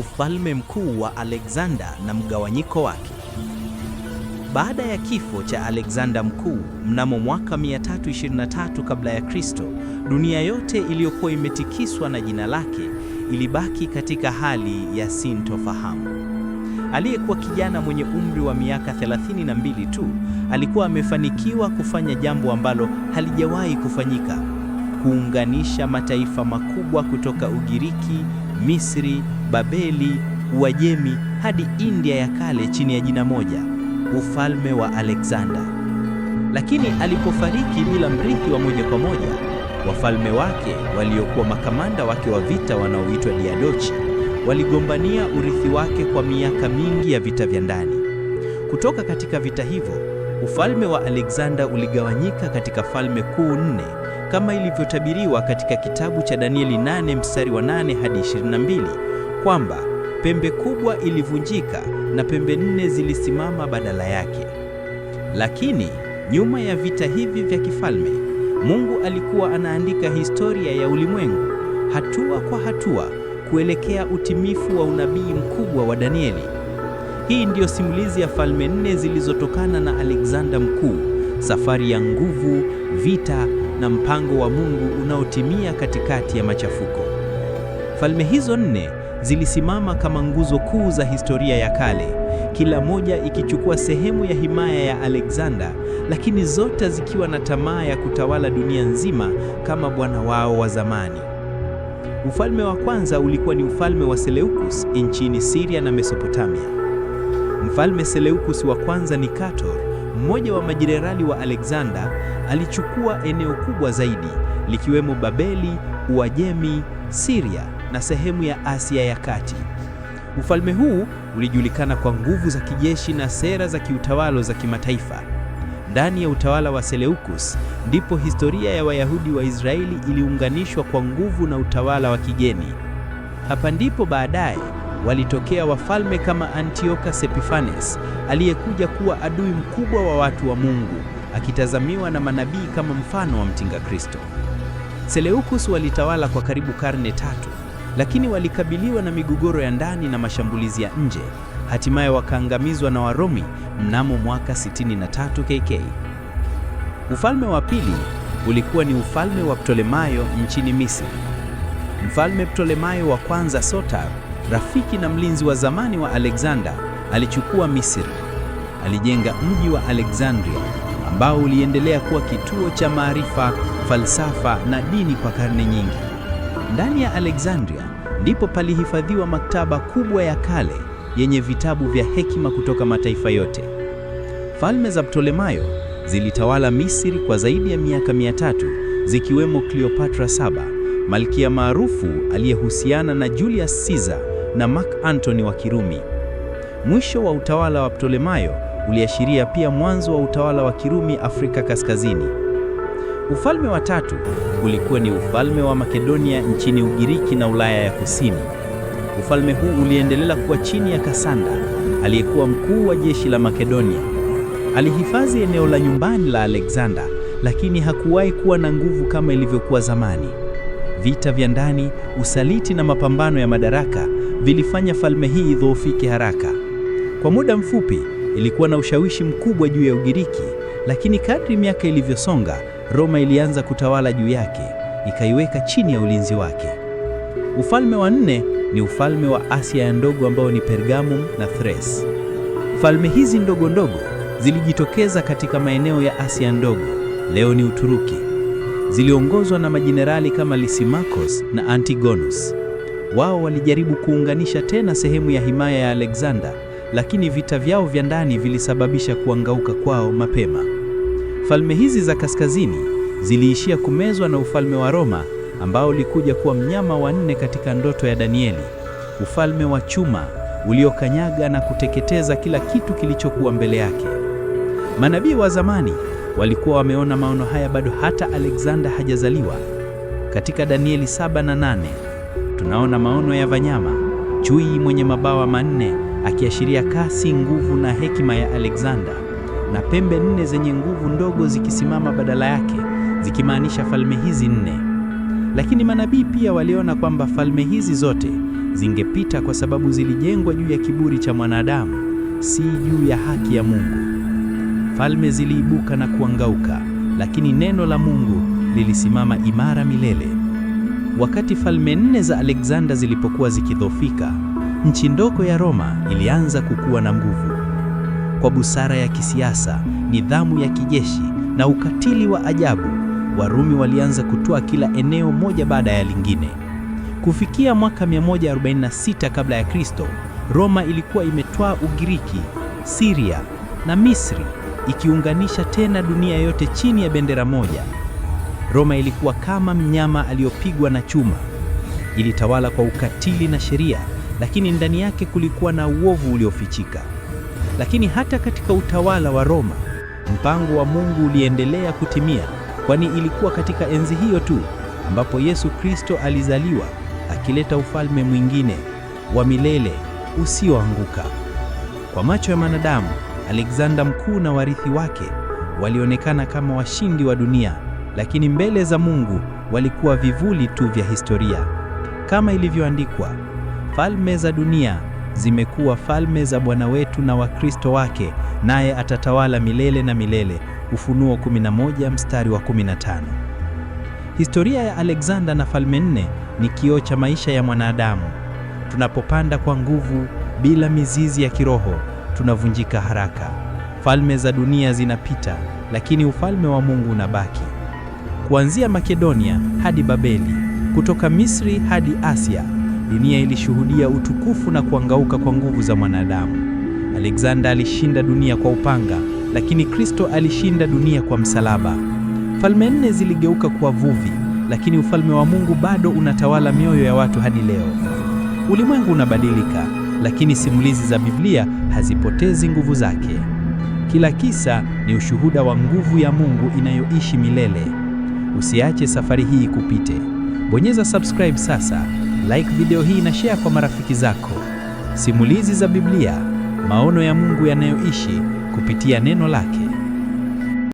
ufalme mkuu wa Alexander na mgawanyiko wake. Baada ya kifo cha Alexander Mkuu mnamo mwaka 323 kabla ya Kristo, dunia yote iliyokuwa imetikiswa na jina lake ilibaki katika hali ya sintofahamu. Aliyekuwa kijana mwenye umri wa miaka 32 tu alikuwa amefanikiwa kufanya jambo ambalo halijawahi kufanyika: kuunganisha mataifa makubwa kutoka Ugiriki Misri, Babeli, Uajemi hadi India ya kale chini ya jina moja, ufalme wa Alexander. Lakini alipofariki bila mrithi wa moja kwa moja, wafalme wake waliokuwa makamanda wake wa vita wanaoitwa Diadochi waligombania urithi wake kwa miaka mingi ya vita vya ndani. Kutoka katika vita hivyo, ufalme wa Alexander uligawanyika katika falme kuu nne kama ilivyotabiriwa katika kitabu cha Danieli 8 mstari wa 8 hadi 22 kwamba pembe kubwa ilivunjika na pembe nne zilisimama badala yake. Lakini nyuma ya vita hivi vya kifalme, Mungu alikuwa anaandika historia ya ulimwengu hatua kwa hatua kuelekea utimifu wa unabii mkubwa wa Danieli. Hii ndiyo simulizi ya falme nne zilizotokana na Alexander Mkuu, safari ya nguvu, vita na mpango wa Mungu unaotimia katikati ya machafuko. Falme hizo nne zilisimama kama nguzo kuu za historia ya kale, kila moja ikichukua sehemu ya himaya ya Alexander, lakini zote zikiwa na tamaa ya kutawala dunia nzima kama bwana wao wa zamani. Ufalme wa kwanza ulikuwa ni ufalme wa Seleukus nchini Syria na Mesopotamia. Mfalme Seleukus wa kwanza Nikator, mmoja wa majenerali wa Alexander, alichukua eneo kubwa zaidi likiwemo Babeli, Uajemi, Siria na sehemu ya Asia ya Kati. Ufalme huu ulijulikana kwa nguvu za kijeshi na sera za kiutawala za kimataifa. Ndani ya utawala wa Seleukus ndipo historia ya Wayahudi wa Israeli iliunganishwa kwa nguvu na utawala wa kigeni. Hapa ndipo baadaye walitokea wafalme kama Antioka Epiphanes aliyekuja kuwa adui mkubwa wa watu wa Mungu akitazamiwa na manabii kama mfano wa mtinga Kristo. Seleukus walitawala kwa karibu karne tatu, lakini walikabiliwa na migogoro ya ndani na mashambulizi ya nje. Hatimaye wakaangamizwa na waromi mnamo mwaka 63 KK. Ufalme wa pili ulikuwa ni ufalme wa Ptolemayo nchini Misri. Mfalme Ptolemayo wa kwanza sotar rafiki na mlinzi wa zamani wa Alexander, alichukua Misri. Alijenga mji wa Alexandria ambao uliendelea kuwa kituo cha maarifa, falsafa na dini kwa karne nyingi. Ndani ya Alexandria ndipo palihifadhiwa maktaba kubwa ya kale yenye vitabu vya hekima kutoka mataifa yote. Falme za Ptolemayo zilitawala Misri kwa zaidi ya miaka mia tatu zikiwemo Cleopatra saba, malkia maarufu aliyehusiana na Julius Caesar na Mark Antony wa Kirumi. Mwisho wa utawala wa Ptolemayo uliashiria pia mwanzo wa utawala wa Kirumi Afrika Kaskazini. Ufalme wa tatu ulikuwa ni ufalme wa Makedonia nchini Ugiriki na Ulaya ya Kusini. Ufalme huu uliendelea kuwa chini ya Kasanda, aliyekuwa mkuu wa jeshi la Makedonia. Alihifadhi eneo la nyumbani la Alexander, lakini hakuwahi kuwa na nguvu kama ilivyokuwa zamani. Vita vya ndani, usaliti na mapambano ya madaraka vilifanya falme hii idhoofike haraka. Kwa muda mfupi ilikuwa na ushawishi mkubwa juu ya Ugiriki, lakini kadri miaka ilivyosonga, Roma ilianza kutawala juu yake, ikaiweka chini ya ulinzi wake. Ufalme wa nne ni ufalme wa Asia ya ndogo ambao ni Pergamum na Thrace. Falme hizi ndogo ndogo zilijitokeza katika maeneo ya Asia ndogo, leo ni Uturuki. Ziliongozwa na majenerali kama Lysimachos na Antigonus. Wao walijaribu kuunganisha tena sehemu ya himaya ya Alexander lakini vita vyao vya ndani vilisababisha kuangauka kwao mapema. Falme hizi za kaskazini ziliishia kumezwa na ufalme wa Roma ambao ulikuja kuwa mnyama wa nne katika ndoto ya Danieli, ufalme wa chuma uliokanyaga na kuteketeza kila kitu kilichokuwa mbele yake. Manabii wa zamani walikuwa wameona maono haya bado hata Alexander hajazaliwa. Katika Danieli 7 na nane tunaona maono ya vanyama chui mwenye mabawa manne akiashiria kasi, nguvu na hekima ya Alexander, na pembe nne zenye nguvu ndogo zikisimama badala yake, zikimaanisha falme hizi nne. Lakini manabii pia waliona kwamba falme hizi zote zingepita kwa sababu zilijengwa juu ya kiburi cha mwanadamu, si juu ya haki ya Mungu. Falme ziliibuka na kuangauka, lakini neno la Mungu lilisimama imara milele. Wakati falme nne za Alexander zilipokuwa zikidhofika, nchi ndogo ya Roma ilianza kukua na nguvu. Kwa busara ya kisiasa, nidhamu ya kijeshi na ukatili wa ajabu, Warumi walianza kutoa kila eneo moja baada ya lingine. Kufikia mwaka 146 kabla ya Kristo, Roma ilikuwa imetwaa Ugiriki, Siria na Misri, ikiunganisha tena dunia yote chini ya bendera moja. Roma ilikuwa kama mnyama aliyopigwa na chuma. Ilitawala kwa ukatili na sheria, lakini ndani yake kulikuwa na uovu uliofichika. Lakini hata katika utawala wa Roma, mpango wa Mungu uliendelea kutimia, kwani ilikuwa katika enzi hiyo tu ambapo Yesu Kristo alizaliwa, akileta ufalme mwingine wa milele usioanguka. Kwa macho ya mwanadamu, Alexander Mkuu na warithi wake walionekana kama washindi wa dunia lakini mbele za Mungu walikuwa vivuli tu vya historia. Kama ilivyoandikwa, falme za dunia zimekuwa falme za Bwana wetu na Wakristo wake, naye atatawala milele na milele. Ufunuo 11 mstari wa 15. Historia ya Alexander na falme nne ni kioo cha maisha ya mwanadamu. Tunapopanda kwa nguvu bila mizizi ya kiroho, tunavunjika haraka. Falme za dunia zinapita, lakini ufalme wa Mungu unabaki. Kuanzia Makedonia hadi Babeli, kutoka Misri hadi Asia, dunia ilishuhudia utukufu na kuangauka kwa nguvu za mwanadamu. Alexander alishinda dunia kwa upanga, lakini Kristo alishinda dunia kwa msalaba. Falme nne ziligeuka kuwa vuvi, lakini ufalme wa Mungu bado unatawala mioyo ya watu hadi leo. Ulimwengu unabadilika, lakini simulizi za Biblia hazipotezi nguvu zake. Kila kisa ni ushuhuda wa nguvu ya Mungu inayoishi milele. Usiache safari hii kupite Bonyeza subscribe sasa, like video hii na share kwa marafiki zako. Simulizi za Biblia, maono ya Mungu yanayoishi kupitia neno lake.